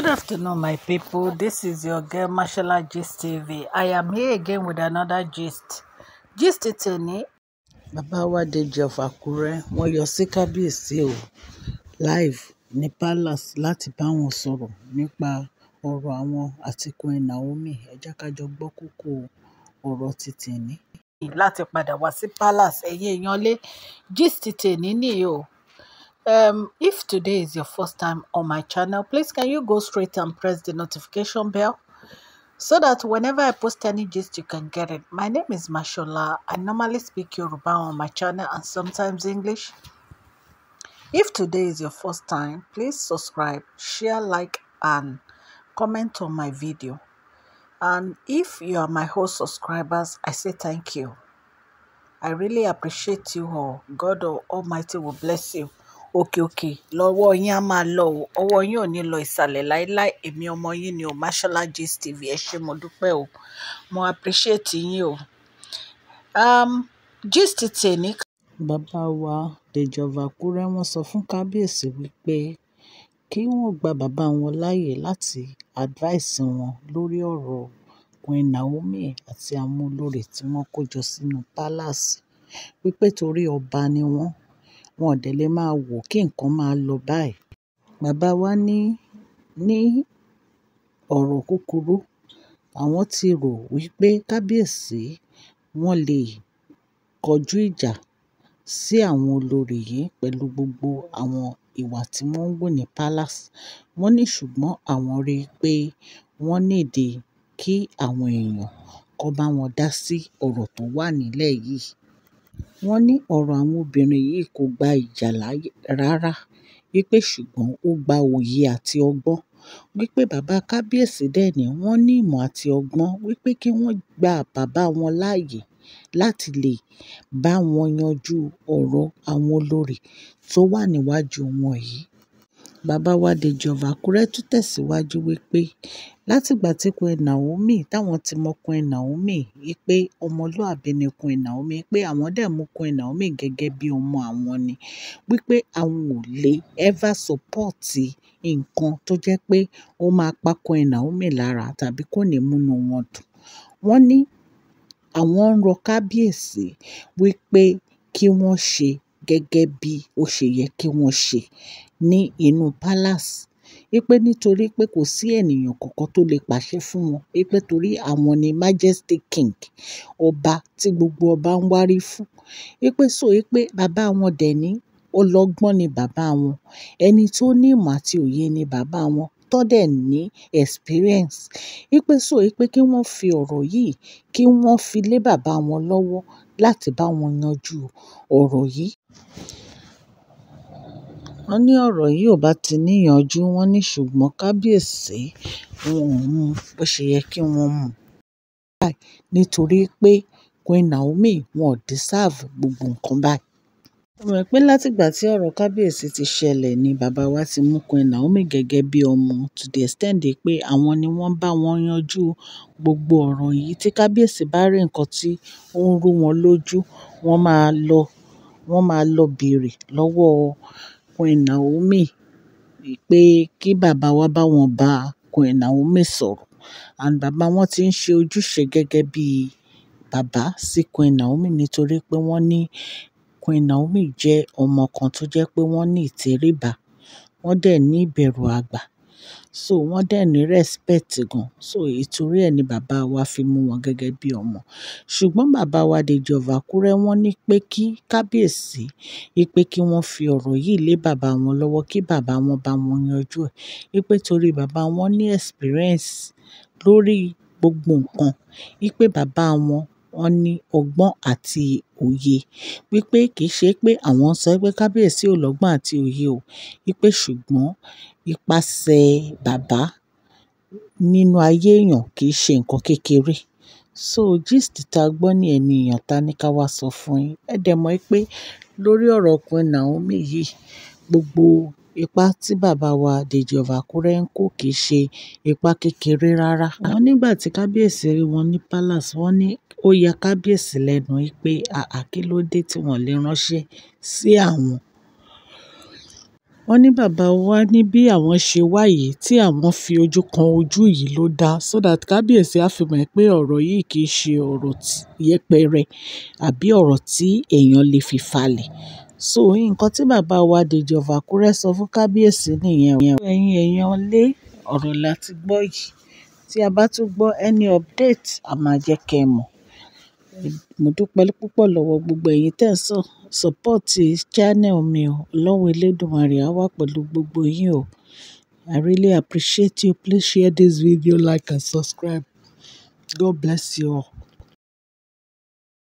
Good afternoon, my people. This is your girl Mashola Gist TV. I am here again with another gist. Gist tèmi. Bàbá wa Dèjì of Àkúrẹ́, wọ́n yọ sí kábíyèsí o live Nepalas, lati láti bá wọn sọ̀rọ̀ nípa ọ̀rọ̀ àwọn àti Queen Naomi. Ẹ jẹ́ ká jọ gbọ́ kókó ọ̀rọ̀ ti tèmi. Láti padà wá sí palace, ẹ̀yin èèyàn lé gist tèmi um if today is your first time on my channel please can you go straight and press the notification bell so that whenever i post any gist you can get it my name is mashola i normally speak yoruba on my channel and sometimes english if today is your first time please subscribe share like and comment on my video and if you are my host subscribers i say thank you i really appreciate you all god almighty will bless you òkè òkè lọ́wọ́ yín á máa lọ o ọwọ́ yín ò ní lọ ìsàlẹ̀ láéláé èmi ọmọ yín ni o Mashola Gist TV ẹ ṣé mo dúpẹ́ o mo appreciate yín o um, gist tèmi. bàbá wa Dèjọba Àkúrẹ́ wọ́n sọ fún kábíyèsí wípé kí wọ́n gba bàbá wọn láàyè láti advice wọn lórí ọ̀rọ̀ Queen Naomi àti àwọn olórí tí wọ́n kó jọ sínú palace wípé torí ọba ni wọ́n wọn ò dẹ̀ lè máa wò kí nǹkan máa lọ báyìí. Bàbá wa ní, ní ọ̀rọ̀ kúkúrú, àwọn ti rò wípé kábíyèsí wọn lè kọjú ìjà sí àwọn olórí yìí pẹ̀lú gbogbo àwọn ìwà tí wọ́n ń wù ní palace. Wọ́n ní ṣùgbọ́n àwọn rí i pé wọ́n need kí àwọn èèyàn kó bá wọn dá sí ọ̀rọ̀ tó wà nílẹ̀ yìí wọ́n ní ọ̀rọ̀ àwọn obìnrin yìí kò gba ìjà rárá wípé ṣùgbọ́n ó gba òye àti ọgbọ́n wípé bàbá kábíyèsí dẹ̀ ni wọ́n ní ìmọ̀ àti ọgbọ́n wípé kí wọ́n gba bàbá wọn láàyè láti lè bá wọn yanjú ọ̀rọ̀ àwọn olórí tó wà níwájú wọn yìí bàbá wa dèjì ọ̀bàkúrẹ́ tún tẹ̀síwájú wípé látìgbà tí queen naomi táwọn ti mọ queen naomi wípé ọmọlúàbí ni queen naomi pé àwọn dẹ̀ mú queen naomi gẹ́gẹ́ bí ọmọ àwọn ni wípé àwọn ò lè ever support nǹkan tó jẹ́ pé ó máa pa queen naomi lára tàbí kò ní múnú wọn dùn wọ́n ní àwọn ń rọ kábíyèsí wípé kí wọ́n ṣe gẹ́gẹ́ bí ó ṣe yẹ kí wọ́n ṣe ní inú palace. Ipe nítorí pé kò sí ènìyàn kankan tó lè pàṣẹ fún wọn. Wípé torí àwọn ni Majesty King, ọba tí gbogbo ọba ń wárí fún. ipe so wípé bàbá wọn dẹ̀ ní ọlọ́gbọ́n ni bàbá wọn. Ẹni tó ní ìmọ̀ àti òye ni bàbá wọn. Tọ́ ní experience. Ipe so ipe kí wọ́n fi ọ̀rọ̀ yìí kí wọ́n fi lé bàbá wọn lọ́wọ́ láti bá wọn yanjú ọ̀rọ̀ yìí. Wọ́n ní ọ̀rọ̀ yìí ò bá ti níyanjú, wọ́n ní ṣùgbọ́n kábíyèsí wọn ò mú bó ṣe yẹ kí wọ́n mú. Nítorí pé Queen Naomi wọn ò deserve gbogbo nǹkan báyìí. Mo mọ̀ pé látìgbà tí ọ̀rọ̀ Kábíyèsí ti ṣẹlẹ̀ ni bàbá wa ti mú Queen Naomi gẹ́gẹ́ bí ọmọ to the extent pé àwọn ni wọ́n bá wọn yanjú gbogbo ọ̀rọ̀ yìí. Tí Kábíyèsí bá rí nǹkan tí ó ń rú wọn lójú, wọ́n máa lọ, wọ́n máa lọ bèrè lọ́wọ́ Queen Naomi pé kí bàbá wa bá wọn bá Queen Naomi sọ̀rọ̀. And bàbá wọn ti ń ṣe ojúṣe gẹ́gẹ́ bí bàbá sí Queen Naomi nítorí pé wọ́n ní Queen Naomi jẹ́ ọmọ kan tó jẹ́ pé wọ́n ní ìtẹríba, wọ́n dẹ̀ ní ìbẹ̀rù àgbà. So wọ́n dẹ̀ ní respect gan. So ìtorí ẹ ni bàbá wa fi mú wọn gẹ́gẹ́ bí ọmọ. Ṣùgbọ́n bàbá wa Deji of Akure wọ́n ní pé kí kábíyèsí, pé kí wọ́n fi ọ̀rọ̀ yìí lé bàbá wọn lọ́wọ́, kí bàbá wọn bá wọn yanjú ẹ̀. Pé torí bàbá wọn ní experience lórí gbogbo nǹkan. Pé bàbá wọn wọ́n ní ọgbọ́n àti òye wípé kì í ṣe pé àwọn sọ pé kábíyèsí ò lọ́gbọ́n àti òye o wípé ṣùgbọ́n ipasẹ̀ bàbá nínú ayé èèyàn kì í ṣe nǹkan kékeré so gist tá a gbọ́ ní ẹni èèyàn ta ní ká wá sọ fún yín ẹ dẹ̀ mọ̀ pé lórí ọ̀rọ̀ Queen Naomi yìí gbogbo ipa tí bàbá wa Dèjì of Àkúrẹ́ ń kó kì í ṣe ipa kékeré rárá. àwọn nígbà tí kábíyèsí rí wọn ní palace wọ́n ní ó ya kábíyèsí lẹ́nu pé àá kí ló dé tí wọ́n lè ránṣẹ́ sí àwọn wọ́n ní bàbá wa ní bí àwọn ṣe wá yìí tí àwọn fi ojú kan ojú yìí ló dáa so that kábíyèsí á fi mọ̀ pé ọ̀rọ̀ yìí kì í ṣe ọ̀rọ̀ yẹpẹrẹ àbí ọ̀rọ̀ tí èèyàn lè fi falẹ̀ so nǹkan tí bàbá wa Dèjì of Àkúrẹ́ sọ fún kábíyèsí nìyẹn o ẹ̀yin èèyàn lé ọ̀rọ̀ láti gbọ́ yìí tí a bá tún gbọ́ any update a máa jẹ́ kẹ́ ẹ mọ̀ mo dúpẹ́ púpọ̀ lọ́wọ́ gbogbo ẹ̀yin tẹ́ ń sọ sọ́pọ́ọ̀tì channel mi o ọlọ́run elédùnmarè á wà pẹ̀lú gbogbo yín o i really appreciate you please share this video like and subscribe god bless you all.